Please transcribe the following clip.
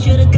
should have